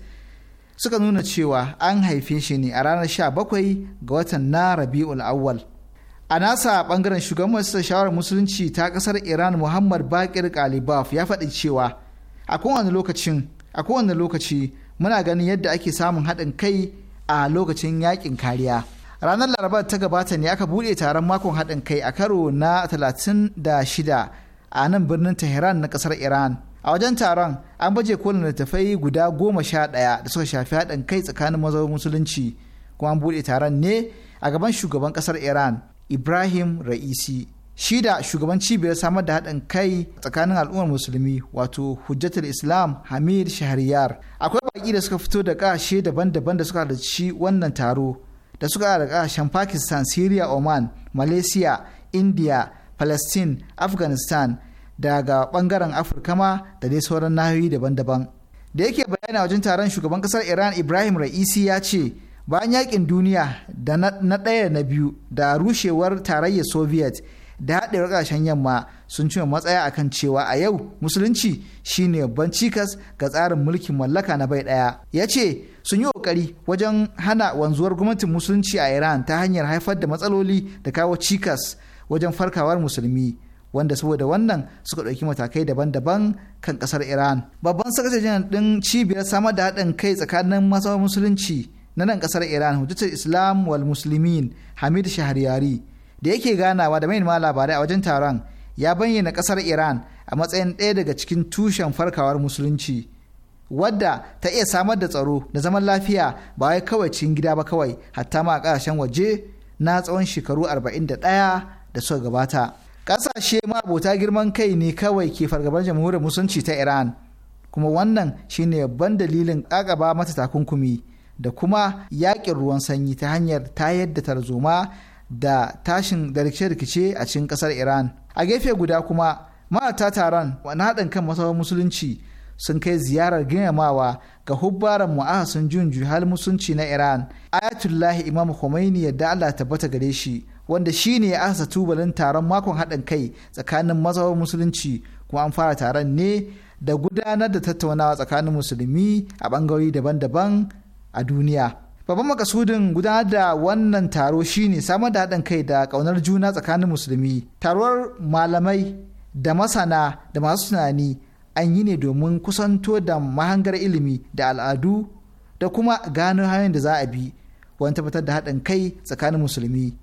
suka nuna cewa an haife shi ne a ranar bakwai ga watan na rabi'ul awwal a nasa bangaren shugaban majalisar shawarar musulunci ta kasar iran muhammad bakir kalibaf ya faɗi cewa a kowane lokacin a kowane lokaci muna ganin yadda ake samun haɗin kai a lokacin yakin kariya ranar laraba ta gabata ne aka buɗe taron makon haɗin kai a karo na 36 a nan birnin tehran na kasar iran a wajen taron an baje kolin littattafai guda goma sha ɗaya da suka shafi haɗin kai tsakanin mazaunin musulunci kuma an buɗe taron ne a gaban shugaban kasar iran ibrahim ra'isi shi da shugaban cibiyar samar da haɗin kai tsakanin al'ummar musulmi wato hujjatul islam hamid shahriyar akwai baƙi da suka fito da ƙashe daban-daban da suka halarci wannan taro da suka da ƙashen pakistan syria oman malaysia india palestine afghanistan daga ɓangaren afirka ma da dai sauran nahiyoyi daban-daban da yake bayani wajen taron shugaban ƙasar iran ibrahim ra'isi ya ce bayan yakin duniya da na ɗaya na biyu da rushewar tarayyar soviet da haɗewar ƙarshen yamma sun cima matsaya akan cewa a yau musulunci shine babban cikas ga tsarin mulkin mallaka na bai ɗaya ya ce sun yi ƙoƙari wajen hana wanzuwar gwamnatin musulunci a iran ta hanyar haifar da matsaloli da kawo cikas wajen farkawar musulmi wanda saboda wannan suka ɗauki matakai daban-daban kan ƙasar iran babban sakataren ɗin cibiyar samar da haɗin kai tsakanin masu musulunci na nan kasar iran hujjatar islam wal muslimin hamid shahriyari da yake ganawa da mainama labarai a wajen taron ya bayyana kasar iran a matsayin ɗaya daga cikin tushen farkawar musulunci wadda ta iya samar da tsaro da zaman lafiya ba wai kawai cikin gida ba kawai hatta ma a ƙasashen waje na tsawon shekaru arba'in da ɗaya da suka gabata ƙasashe abota girman kai ne kawai ke fargabar jamhuriyar musulunci ta iran kuma wannan shine babban dalilin ƙaƙaba mata takunkumi da kuma yaƙin ruwan sanyi ta hanyar tayar da tarzoma da tashin da rikice-rikice a cikin ƙasar iran a gefe guda kuma ma'ata taron wani haɗin kan masawar musulunci sun kai ziyarar girmamawa ga hubbaran mu'ahasin jin juhal musulunci na iran ayatullah imam khomeini yadda allah tabbata gare shi wanda shi ne ya asa tubalin taron makon haɗin kai tsakanin mazawar musulunci kuma an fara taron ne da gudanar da tattaunawa tsakanin musulmi a ɓangarori daban-daban a duniya. Babban makasudin gudanar da wannan taro shine samar da haɗin kai da ƙaunar juna tsakanin musulmi. Taruwar malamai da masana da masu tunani an yi ne domin kusanto da mahangar ilimi da al'adu da kuma gano hanyar da za a bi wani tabbatar da haɗin kai tsakanin musulmi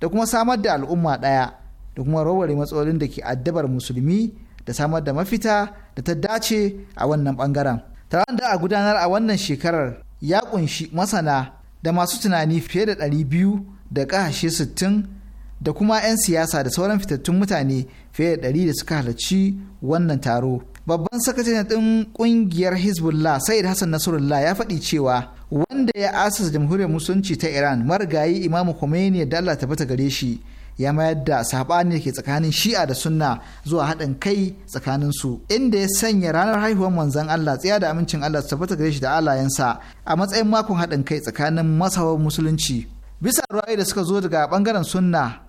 da kuma samar da al'umma ɗaya da kuma rawar matsalolin da ke addabar musulmi da samar da mafita da ta dace a wannan ɓangaren. Taron da a gudanar a wannan shekarar ya kunshi masana da masu tunani fiye da ɗari biyu da ƙahashe sittin da kuma 'yan siyasa da sauran fitattun mutane fiye da ɗari da suka halarci wannan taro. Babban sakataren ɗin ƙungiyar Hezbollah Said Hassan Nasrullah ya faɗi cewa wanda ya asasa jamhuriyar musulunci ta Iran marigayi Imamu Khomeini da Allah ta gare shi ya mayar da saɓani da ke tsakanin shi'a da sunna zuwa haɗin kai tsakanin su inda ya sanya ranar haihuwar manzon Allah tsaya da amincin Allah su tabbata gare shi da alayensa a matsayin makon haɗin kai tsakanin masawar musulunci bisa ra'ayi da suka zo daga bangaren sunna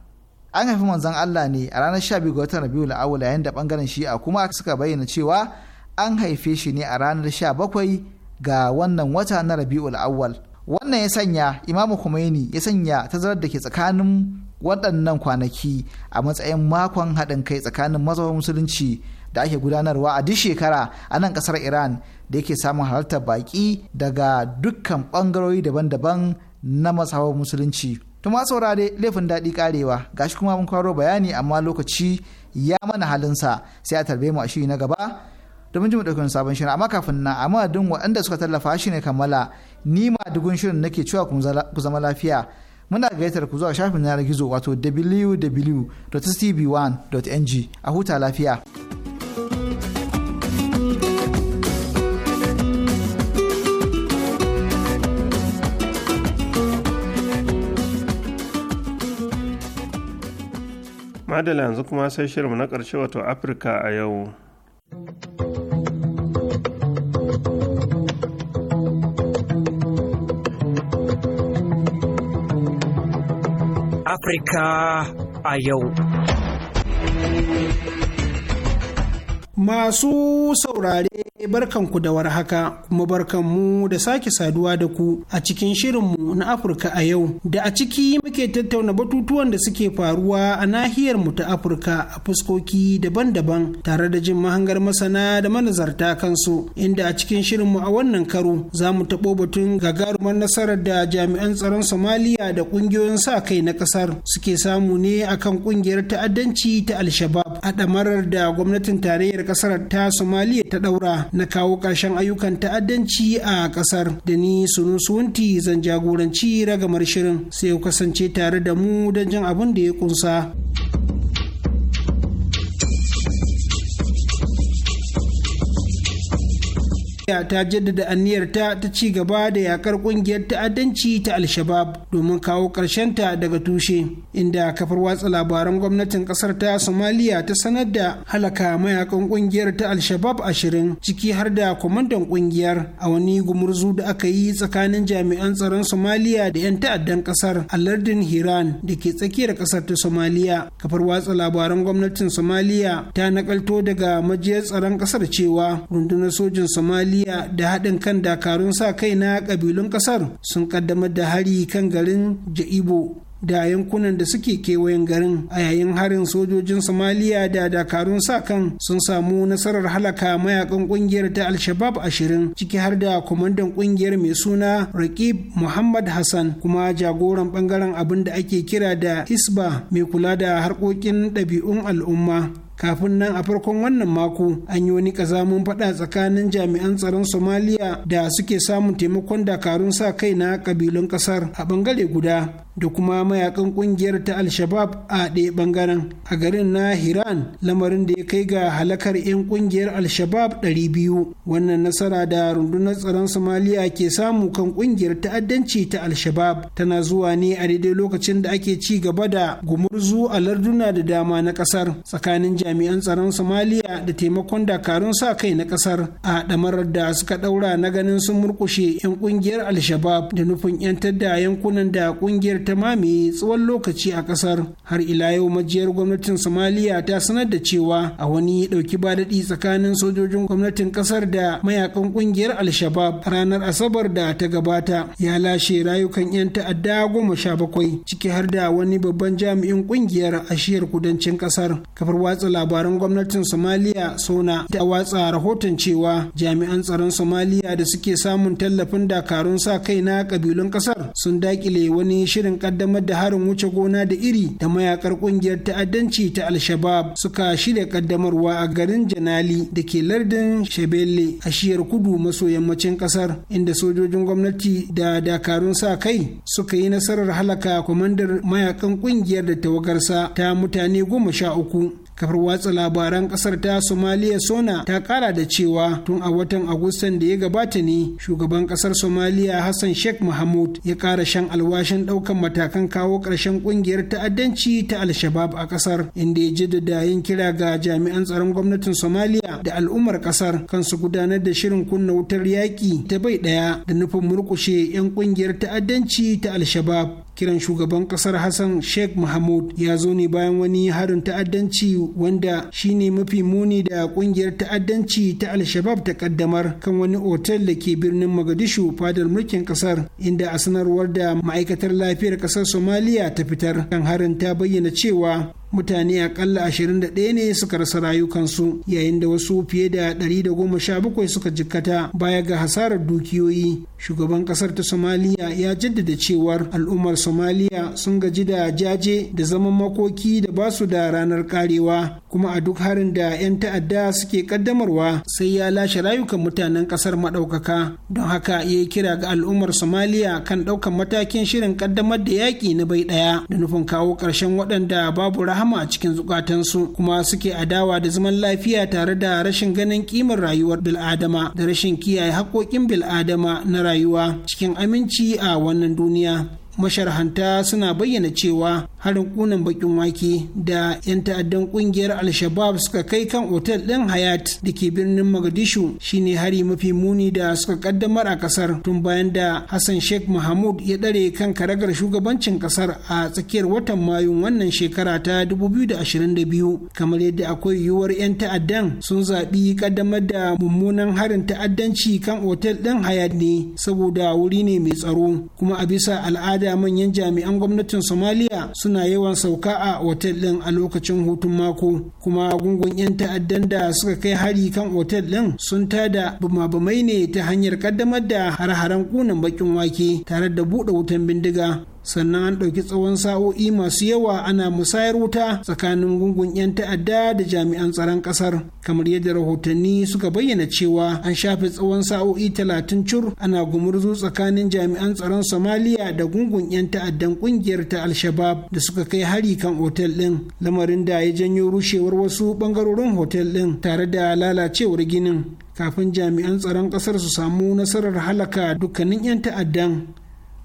an haifi manzon Allah ne a ranar 12 ga watan Rabiul Awwal yayin da bangaren shi'a kuma suka bayyana cewa an haife shi ne a ranar 17 ga wannan wata na Rabiul Awwal wannan ya sanya Imam Khomeini ya sanya tazarar da ke tsakanin waɗannan kwanaki a matsayin makon haɗin kai tsakanin mazaunin musulunci da ake gudanarwa a duk shekara a nan ƙasar iran da yake samun halartar baƙi daga dukkan ɓangarori daban-daban na mazaunin musulunci to ma saurare laifin daɗi karewa gashi kuma mun kwaro bayani amma lokaci ya mana halinsa sai a tarbe mu a shiri na gaba domin jimu ɗaukin sabon shirin amma kafin na amma duk waɗanda suka tallafa shi ne kammala ni ma dugun shirin nake cewa ku zama lafiya muna gayyatar ku zuwa shafin yanar gizo wato www.tv1.ng a huta lafiya. Madala yanzu kuma sai shirinmu na ƙarshe wato Afirka a yau. Afirka a yau. Masu saurare Eh, barkanku da warhaka kuma barkanmu da sake saduwa da ku a cikin shirinmu na Afirka a yau da a ciki muke tattauna batutuwan da suke faruwa a nahiyar mu ta Afirka a fuskoki daban-daban tare da jin mahangar masana da manazarta kansu inda a cikin shirinmu a wannan karo za mu taɓo batun gagarumar nasarar da jami'an tsaron Somaliya da ƙungiyoyin sa kai na ƙasar suke samu ne akan ƙungiyar ta'addanci ta Al-Shabab a ɗamarar da gwamnatin tarayyar ƙasar ta Somaliya ta ɗaura na kawo ƙarshen ayyukan ta'addanci a ƙasar da ni sunusunti zan jagoranci ragamar shirin sai kasance tare da mu don jin abin da ya kunsa. Turkiyya ta jaddada aniyarta ta ci gaba da yakar kungiyar ta'addanci ta alshabab domin kawo ta daga tushe, inda kafar watsa labaran gwamnatin ƙasar ta somalia ta sanar da halaka mayakan kungiyar ta alshabab shabab ashirin ciki har da kwamandan kungiyar a wani gumurzu da aka yi tsakanin jami'an tsaron somalia da 'yan ta'addan ƙasar a lardin Hiran da ke tsakiyar ƙasar ta somalia Kafar watsa labaran gwamnatin somalia ta nakalto daga majiyar tsaron ƙasar cewa rundunar sojin Somalia somaliya da haɗin kan dakarun sa kai na ƙabilun ƙasar sun ƙaddamar da hari kan garin ja'ibo da yankunan da suke kewayen garin a yayin harin sojojin somaliya da dakarun sa kan sun samu nasarar halaka mayakan kungiyar ta al-shabab 20 ciki har da kwamandan kungiyar mai suna raqib muhammad hassan kuma jagoran bangaren abin da ake kira da hisba mai kula da harkokin ɗabi'un al'umma kafin nan a farkon wannan mako an yi wani kazamun faɗa tsakanin jami'an tsaron somaliya da suke samun taimakon dakarun sa kai na kabilun kasar a ɓangare guda da kuma mayakan ƙungiyar ta al-shabab a ɗaya ɓangaren a garin na hiran lamarin da ya kai ga halakar 'yan ƙungiyar al-shabab 200 wannan nasara da rundunar tsaron somaliya ke samu kan ƙungiyar ta'addanci ta al-shabab tana zuwa ne a daidai lokacin da ake ci gaba da gumurzu a larduna da dama na kasar tsakanin jami'an tsaron somaliya da taimakon dakarun sa kai na kasar a ɗamarar da suka ɗaura na ganin sun murkushe 'yan ƙungiyar Alshabab da nufin 'yantar da yankunan da ƙungiyar ta mamaye tsawon lokaci a kasar har ila yau majiyar gwamnatin somaliya ta sanar da cewa a wani ɗauki ba daɗi tsakanin sojojin gwamnatin kasar da mayakan ƙungiyar Alshabab ranar asabar da ta gabata ya lashe rayukan 'yan ta'adda goma sha bakwai ciki har da wani babban jami'in ƙungiyar shiyar kudancin kasar kafar watsa labaran gwamnatin somaliya sona da watsa rahoton cewa jami'an tsaron somaliya da suke samun tallafin dakarun sa kai na kabilun kasar sun dakile wani shirin kaddamar da harin wuce gona da iri da mayakar kungiyar ta'addanci ta al-shabab suka shirya kaddamarwa a garin janali da ke lardin shebele a shiyar kudu maso yammacin kasar inda sojojin gwamnati da dakarun sa kai suka yi nasarar halaka kwamandar mayakan kungiyar da tawagarsa ta mutane goma sha uku kafar watsa labaran kasar ta somaliya sona ta kara da cewa tun a watan agustan da ya gabata ne shugaban kasar somaliya hassan sheikh mahmud ya kara shan alwashin daukan matakan kawo karshen kungiyar ta'addanci ta alshabab a kasar inda ya jaddada yin kira ga jami'an tsaron gwamnatin somaliya da al'ummar kasar kan su gudanar da shirin kunna wutar yaƙi ta bai ɗaya da nufin murkushe 'yan kungiyar ta'addanci ta alshabab kiran shugaban kasar hassan sheikh mahmud ya zo ne bayan wani harin ta'addanci wanda shine mafi muni da kungiyar ta'addanci ta al-shabab ta kaddamar kan wani otel da ke birnin magadishu fadar mulkin kasar inda a sanarwar da ma'aikatar lafiyar kasar somaliya ta fitar kan harin ta bayyana cewa mutane akalla ɗaya ne suka rasa rayukansu yayin da wasu fiye da ɗari da goma sha bakwai suka jikkata baya ga hasarar dukiyoyi shugaban ƙasar ta somaliya ya jaddada cewar al'ummar somaliya sun gaji da jaje da zaman makoki da ba su da ranar karewa kuma a duk harin da 'yan ta'adda suke kaddamarwa sai ya lashe rayukan mutanen ƙasar maɗaukaka don haka ya kira ga al'ummar somaliya kan ɗaukan matakin shirin kaddamar da yaƙi na bai ɗaya da nufin kawo ƙarshen waɗanda babu rahama rahama a cikin zukatansu kuma suke adawa da zaman lafiya tare da rashin ganin kimar rayuwar bil'adama da rashin kiyaye haƙoƙin bil'adama na rayuwa cikin aminci a wannan duniya masharhanta suna bayyana cewa harin kunan bakin wake da 'yan ta'addan kungiyar al-shabab suka kai kan otel ɗin hayat da ke birnin magadishu shine hari mafi muni da suka kaddamar a kasar tun bayan da hassan sheikh mahmud ya ɗare kan karagar shugabancin kasar a tsakiyar watan mayu wannan shekara ta 2022 kamar yadda akwai yiwuwar 'yan ta'addan sun zaɓi kaddamar da mummunan harin ta'addanci kan otel ɗin hayat ne saboda wuri ne mai tsaro kuma a bisa al'ada manyan jami'an gwamnatin somaliya suna yawan sauka a otel ɗin a lokacin hutun mako kuma gungun 'yan ta'addan da suka kai hari kan otel ɗin sun tada bumabumai ne ta hanyar kaddamar da har-haren kunan bakin wake tare da buɗe wutan bindiga sannan an ɗauki tsawon sa'o'i masu yawa ana musayar wuta tsakanin gungun 'yan ta'adda da jami'an tsaron ƙasar kamar yadda rahotanni suka bayyana cewa an shafe tsawon sa'o'i talatin cur ana gumurzu tsakanin jami'an tsaron somaliya da gungun 'yan ta'addan ƙungiyar ta alshabab da suka kai hari kan otel ɗin lamarin da ya janyo rushewar wasu ɓangarorin hotel ɗin tare da lalacewar ginin kafin jami'an tsaron ƙasar su samu nasarar halaka dukkanin 'yan ta'addan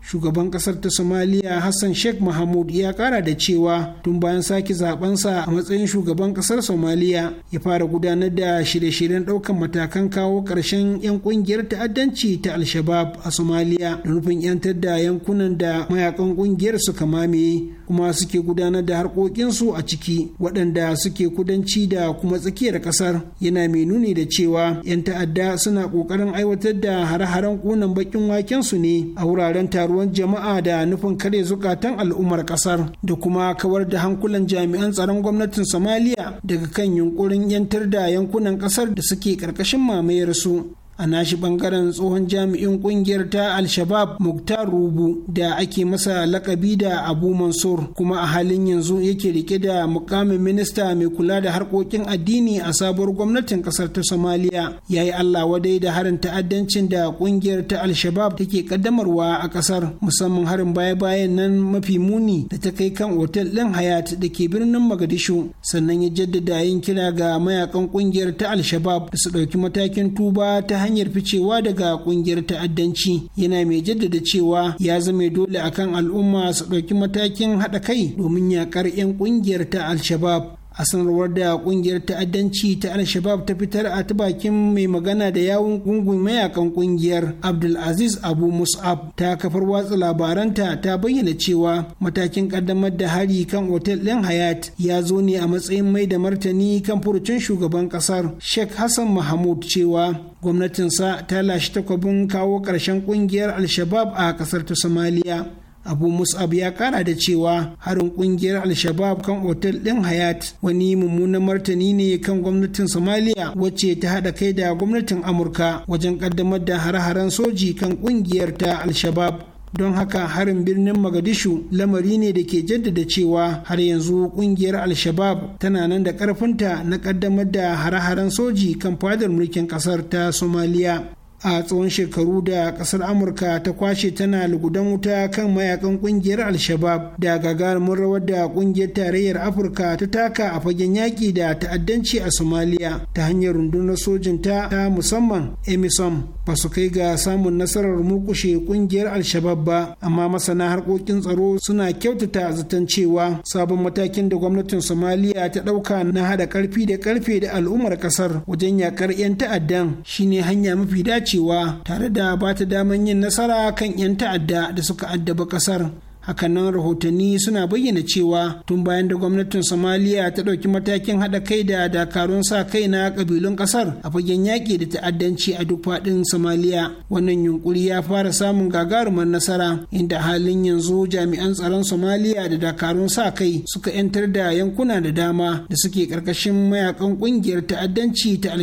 shugaban kasar ta somaliya hassan sheikh mahamud ya kara da cewa tun bayan sake zabensa a matsayin shugaban kasar somaliya ya fara gudanar da shirye-shiryen daukan matakan kawo karshen 'yan kungiyar ta'addanci ta al-shabab a somaliya da nufin 'yantar da yankunan da mayakan kungiyar suka mamaye kuma suke gudanar da harkokinsu a ciki waɗanda suke kudanci da kuma tsakiyar ƙasar yana mai nuni da cewa 'yan ta'adda suna ƙoƙarin aiwatar da hare-haren ƙunan baƙin wakensu ne a wuraren taruwan jama'a da nufin kare zukatan al'ummar ƙasar da kuma kawar da hankulan jami'an tsaron gwamnatin somaliya daga kan yunkurin 'yantar da yankunan ƙasar da suke ƙarƙashin mamayarsu a nashi bangaren tsohon jami'in kungiyar ta al-shabab muktar rubu da ake masa lakabi da abu mansur kuma a halin yanzu yake rike da mukamin minista mai kula da harkokin addini a sabuwar gwamnatin kasar ta somaliya ya yi allah wadai da harin ta'addancin da kungiyar ta al-shabab take kaddamarwa a kasar musamman harin baya-bayan nan mafi muni da ta kai kan otel ɗin hayat da ke birnin magadishu sannan ya jaddada yin kira ga mayakan kungiyar ta al-shabab da su ɗauki matakin tuba ta hanyar hanyar ficewa daga kungiyar ta'addanci yana mai jaddada cewa ya zama dole akan al'umma su ɗauki matakin haɗa kai domin yakar 'yan kungiyar ta al-shabab a sanarwar da kungiyar ta'addanci ta al-shabab ta fitar a ta bakin mai magana da yawun gungun mayakan kungiyar abdulaziz abu mus'ab ta kafar watsa labaranta ta bayyana cewa matakin kaddamar da hari kan otel ɗin hayat ya zo ne a matsayin mai da martani kan furucin shugaban ƙasar sheikh hassan mahmud cewa gwamnatinsa ta lashe takwabin kawo ƙarshen kungiyar al-shabab a ƙasar ta somaliya abu musab ya kara da cewa harin kungiyar alshabab kan otel din hayat wani mummunan martani ne kan gwamnatin somaliya wacce ta hada kai da gwamnatin amurka wajen kaddamar da har haren soji kan kungiyar ta alshabab. don haka harin birnin magadishu lamari ne da ke jaddada cewa har yanzu kungiyar alshabab tana nan da karfinta na kaddamar da har haren soji kan fadar mulkin kasar ta somaliya a tsawon shekaru da kasar amurka ta kwashe tana lugudan wuta kan mayakan kungiyar al-shabab da gagarumin rawar da kungiyar tarayyar afirka ta taka a fagen yaƙi da ta'addanci a somaliya ta hanyar rundunar sojin ta ta musamman emisom ba su kai ga samun nasarar murkushe kungiyar al-shabab ba amma masana harkokin tsaro suna kyautata zaton cewa sabon matakin da gwamnatin somaliya ta ɗauka na haɗa ƙarfi da ƙarfe da al'ummar ƙasar wajen yaƙar 'yan ta'addan shine hanya mafi dace dacewa tare da bata ta daman yin nasara kan 'yan ta'adda da suka addaba ƙasar hakanan rahotanni suna bayyana cewa tun bayan da gwamnatin somaliya ta ɗauki matakin haɗa kai da dakarun sa kai na ƙabilun ƙasar a fagen yaƙi da ta'addanci a duk faɗin somaliya wannan yunƙuri ya fara samun gagarumar nasara inda halin yanzu jami'an tsaron somaliya da dakarun sa kai suka 'yantar da yankuna da dama da suke ƙarƙashin mayakan ƙungiyar ta'addanci ta al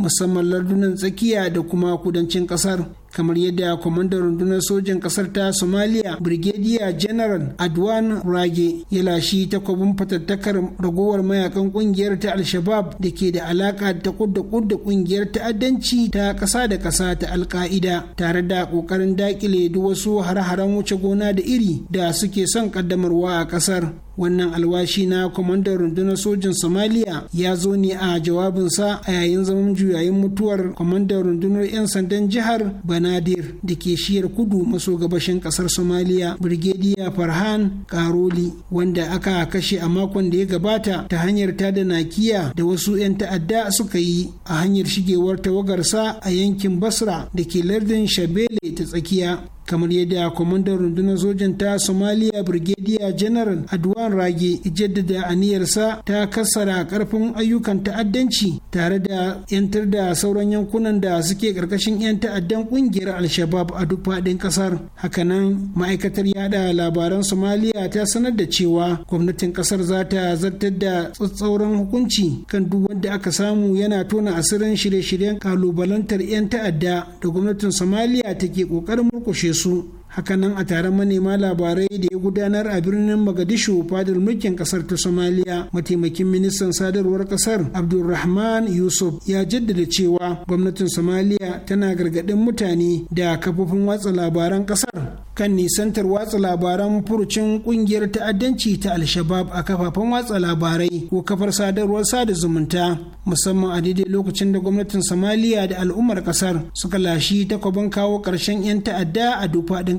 musamman lardunan tsakiya da kuma kudancin ƙasar kamar yadda kwamandan rundunar sojan kasar ta somalia brigadier general adwan rage ya lashi takwabin fatattakar ragowar mayakan kungiyar ta al-shabab da ke da alaka da kudda kudda kungiyar ta'addanci ta kasa da kasa ta alka'ida tare da kokarin dakile duk wasu har-haren wuce gona da iri da suke son kaddamarwa a kasar wannan alwashi na kwamandan rundunar sojin somaliya ya zo ne a jawabinsa a yayin zaman juyayin mutuwar kwamandan rundunar 'yan sandan jihar banadir da ke shiyar kudu maso gabashin kasar somaliya birgediya farhan karoli wanda aka kashe a makon da ya gabata ta hanyar tada nakiya da wasu 'yan ta'adda suka yi a hanyar shigewar tawagarsa a yankin basra da ke lardin shabele ta tsakiya kamar yadda kwamandan rundunar sojan ta somaliya brigadier general adwan rage jaddada aniyarsa ta kassara karfin ayyukan ta'addanci tare da yantar da sauran yankunan da suke karkashin 'yan ta'addan kungiyar al-shabab a duk faɗin kasar hakanan ma'aikatar yada labaran somaliya ta sanar da cewa gwamnatin kasar za ta zartar da tsatsauran hukunci kan duk wanda aka samu yana tona asirin shirye-shiryen kalubalantar 'yan ta'adda da gwamnatin somaliya take ƙoƙarin murkushe su hakanan a taron manema labarai da ya gudanar a birnin magadishu fadar mulkin kasar ta somaliya mataimakin ministan sadarwar kasar abdulrahman yusuf ya jaddada cewa gwamnatin somaliya tana gargadin mutane da kafofin watsa labaran kasar kan nisantar watsa labaran furucin kungiyar ta'addanci ta alshabab a kafafen watsa labarai ko kafar sadarwar sada zumunta musamman a daidai lokacin da gwamnatin somaliya da al'ummar kasar suka lashi takwabin kawo ƙarshen 'yan ta'adda a duk faɗin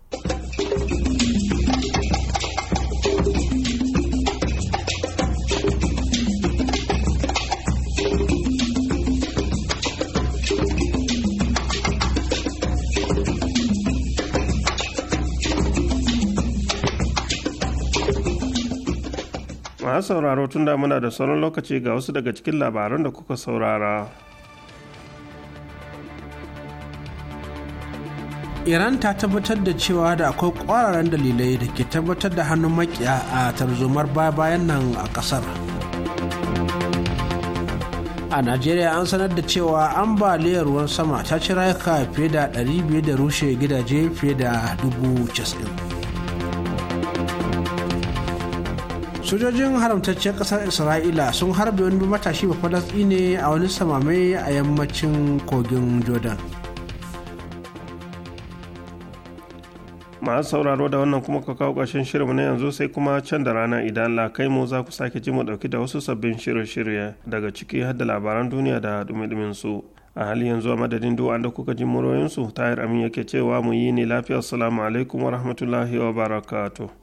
masu sauraro tun da muna da sauran lokaci ga wasu daga cikin labaran da kuka saurara. iran ta tabbatar da cewa da akwai kwararan dalilai da ke tabbatar da hannun makiya a tarzomar bayan nan a kasar a najeriya an sanar da cewa ambaliyar ruwan sama ta ci rayuka fiye da 500 da rushe gidaje fiye da 90 sojojin haramtaccen kasar isra'ila sun harbe wani matashi ba ne a wani samamai a yammacin kogin jordan masu sauraro da wannan kuma ka kawo ƙarshen shirinmu na yanzu sai kuma can da rana idan la kai mu za ku sake ji mu ɗauki da wasu sabbin shirin shirya daga ciki har da labaran duniya da dumi su a halin yanzu a madadin duk da kuka ji muroyinsu tayar amin yake cewa mu yi ne lafiya assalamu alaikum wa rahmatullahi wa barakatuh